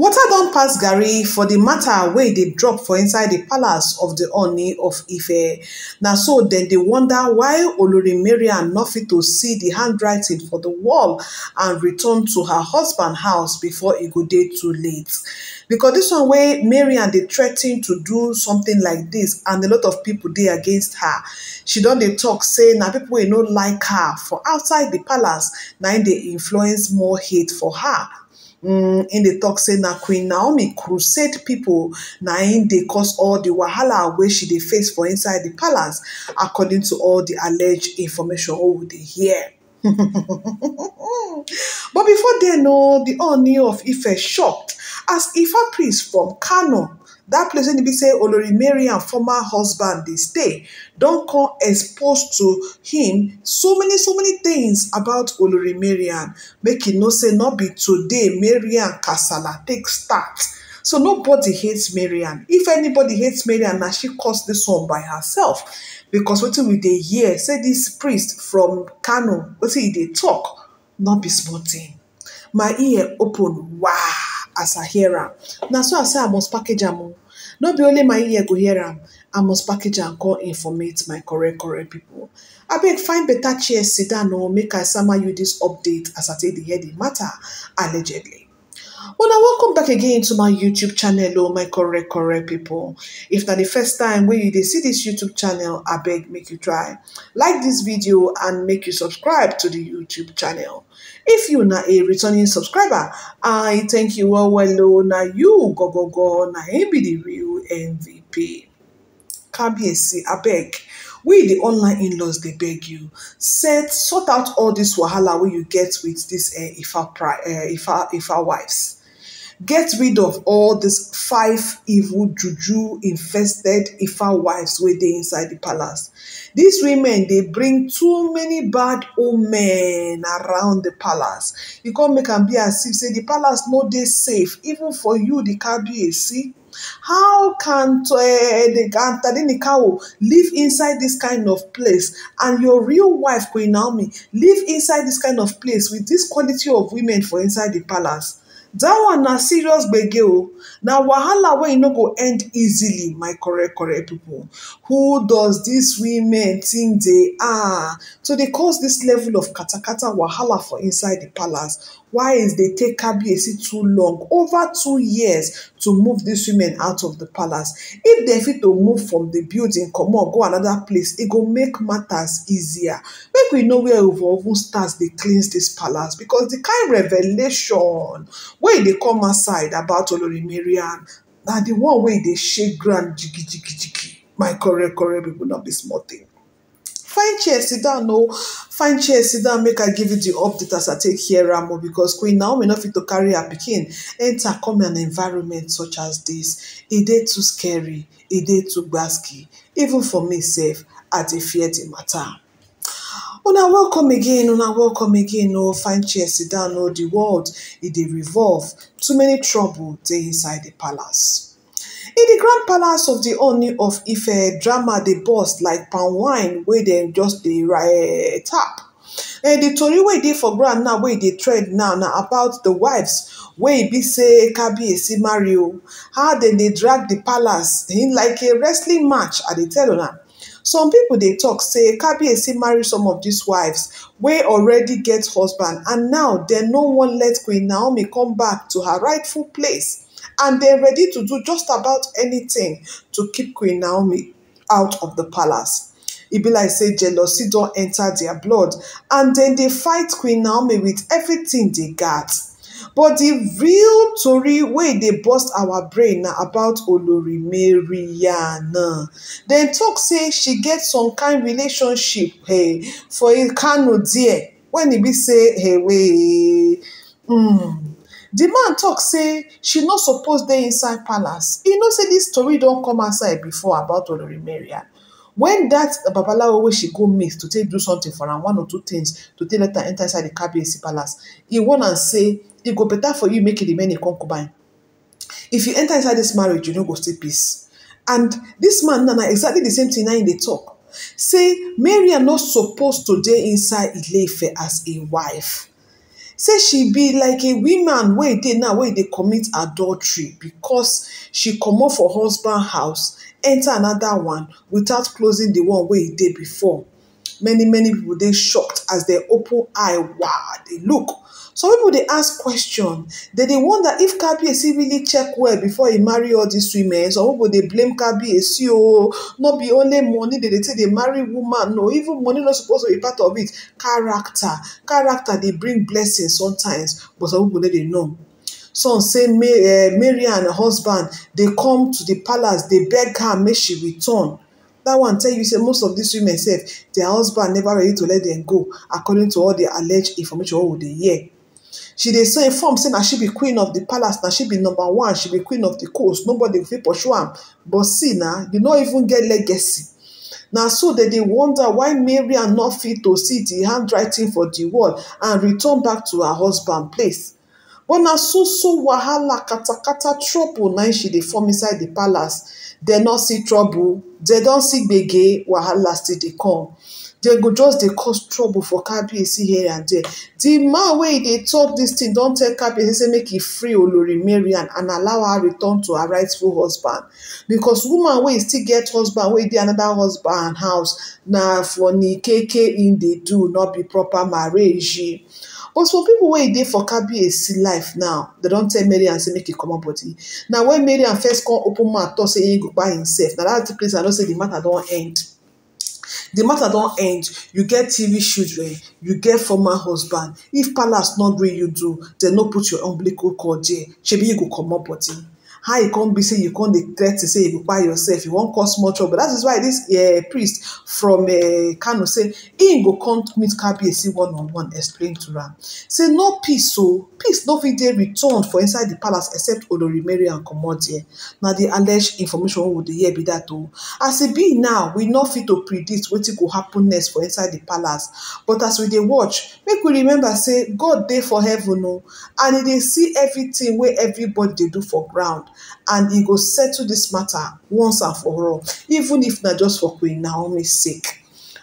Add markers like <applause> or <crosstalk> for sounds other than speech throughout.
water don pass Gary? for the matter, wey dey drop for inside the palace of the oni of ife na so dem dey wonder why olorimeria no fit to see the handwriting for the wall and return to her husband house before e go dey too late because this one wey marian dey threaten to do something like this, and a lot of people dey against her she don dey talk say na people wey no like her for outside the palace na im dey influence more hate for her Mm, in the tok say na queen naomi crusade people, na in dey cause all the wahala wey she dey face for inside the palace according to all the alleged information wey we dey hear <laughs> but before then, oh, the Ooni of Ife shocked as Ifa priest from Kano, that place wey be say Olori Mariam former husband dey stay, don't come expose to him so many so many things about Olori Mariam. Make e say not be today Mariam kasala take start. So nobody hates Marian. If anybody hates Marian, na she caused this one by herself. Because what we they hear, say this priest from Kano, What he they talk, not be small My ear open, wow, as I hear am. Now so I say I must package am o. Oh. No be only my ear go hear am, I must package and go informate my correct correct pipo. Abeg find better chair sit down o oh, make I sama you this update as I take the hear matter allegedly. Well, now welcome back again to my YouTube channel, oh my correct, correct people. If not the first time when you see this YouTube channel, I beg make you try. Like this video and make you subscribe to the YouTube channel. If you not a returning subscriber, I thank you well well oh, now you go go go now be the real MVP. Kabiesi, I beg. we the online in-laws they beg you set sort out all this wahala wey you get with this uh, ifa pri uh, ifa ifa wives Get rid of all these five evil juju infested Ifa wives Where they inside the palace. These women they bring too many bad omen around the palace. You come make am be as if say the palace no dey safe even for you the Kabiyesi. How can uh, the Antadenikawo live inside this kind of place and your real wife, Queen Naomi, live inside this kind of place with this quality of women for inside the palace? dat one na serious gbege o na wahala wey e no go end easily my correct correct pipo who does dis women think dey ah to dey cause dis level of katakata wahala for inside di palace why is dey take kabiyesi too long over two years to move dis women out of di palace if dem fit to move from di building comot go anoda place e go make matters easier make we know where oven stars dey cleanse dis palace because di kind revelation wey e dey come aside about olorimarian na di one wey e dey shake ground jigijigijigi my correct correct pipo no be small thing. find chair sit o oh. find chair sit make i give you di update as i take hear am o oh, because queen naomi no fit to carry her pikin enter come an environment such as dis e dey too scary e dey too gbasky even for me sef i dey fear di matter una oh, welcome again una oh, welcome again oh fine chair sit down oh the world it dey revolve too many trouble dey inside the palace in the grand palace of the oni of ife drama dey burst like palm wine wey dem just dey eh, tap eh, the tori wey dey for ground now wey e dey trend now na about the wives wey e be say kabiyesi marry o how dem dey drag the palace in like a wrestling match i dey tell una some people dey talk say kabiyesi marry some of these wives wey already get husband and now dem no wan let queen naomi come back to her rightful place and dem ready to do just about anything to keep queen naomi out of the palace e be like say jealousy don enter their blood and dem dey fight queen naomi with everything they got but the real tori wey dey burst our brain na about Olori olorimariana dem talk say she get some kain relationship Hey, eh, for kano dia When e be say hey um di man talk say she no suppose dey inside palace e know say this tori don come outside before about Olori olorimariana When that babalawo wey she go meet to take do something for am one or two things to take let her enter inside the kabiyesi palace He warn am say e go better for you make you remain a concubine if you enter inside this marriage you no go stay peace and this man na exactly the same thing. Now, im dey talk. say Mary are not supposed to dey inside ileife as a wife say she be like a woman where they now where they commit adultery because she come comot for husband house enter another one without closing the one where e dey before many many people they shocked as they open eye wide they look some people they ask question They they wonder if kabiyesi really check well before he marry all these women some people they blame kabiyesi o Not be only money They they say they marry woman no even money not supposed to be part of it character character they bring blessings sometimes but some people they know some say eh, mary and her husband they come to the palace They beg her make she return That one tell you say most of these women say their husband never ready to let them go according to all the alleged information wey we dey hear she dey so inform say na she be queen of the palace na she be number one she be queen of the coast nobody go fit pursue am but see na you no even get legacy na so dem dey wonder why marian no fit to see di handwriting for di wall and return back to her husband place but na so so wahala katakata trouble na she dey form inside di palace dem no see trouble dem don see gbege wahala still dey come they go just dey cause trouble for KBC here and there di man wey e dey talk dis thing don tell KBC say make e free olori mariam and allow her return to her rightful husband because woman wey still get husband wey dey another husband house na for nikeke im dey do not be proper marriage but for pipo wey dey for KBC life now dem don tell mariam say make e comot body na wen mariam first come open mouth tok say e go kpai himself na dat place i know say di matter don end the matter don end you get tv children you get former husband if palace no gree you do dem no put your umbilical cord there shebi you go comot body how you come be say you come dey threat to say you go kpai yourself you wan cause more trouble that is why this uh, priest from uh, kano say im go come meet kabiyesi one on one explain to am say no peace o oh. peace no fit dey returned for inside the palace except olorimere and comot there na di alleged information wey we dey hear be that o oh. as e be now we no fit to predict wetin go happen next for inside the palace but as we dey watch make we remember say god dey for heaven o oh. and e dey see everything wey everybody dey do for ground and he go settle this matter once and for all even if not just for queen Naomi's sake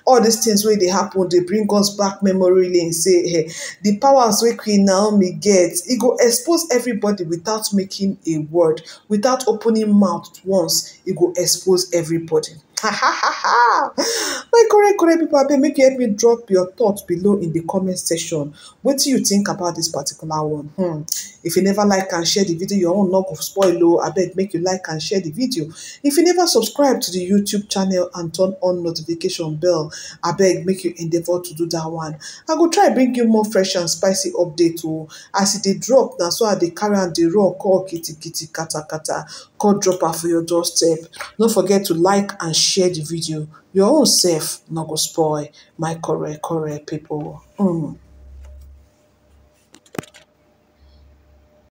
all these things where they happen they bring us back memory and say hey, eh, the powers where queen naomi gets, he go expose everybody without making a word without opening mouth once he go expose everybody. my correct correct pipo abeg make you help me drop your thoughts below in the comment section wetin you think about this particular one hmm if you never like and share the video your own no of spoil o abeg make you like and share the video if you never subscribe to the youtube channel and turn on notification bell abeg make you endeavor to do that one i go try bring you more fresh and spicy update o as it e dey drop na so i dey carry raw call kitty kitty kata kata come dropper for your doorstep no forget to like and share the video your own sef no go spoil my correct correct people. um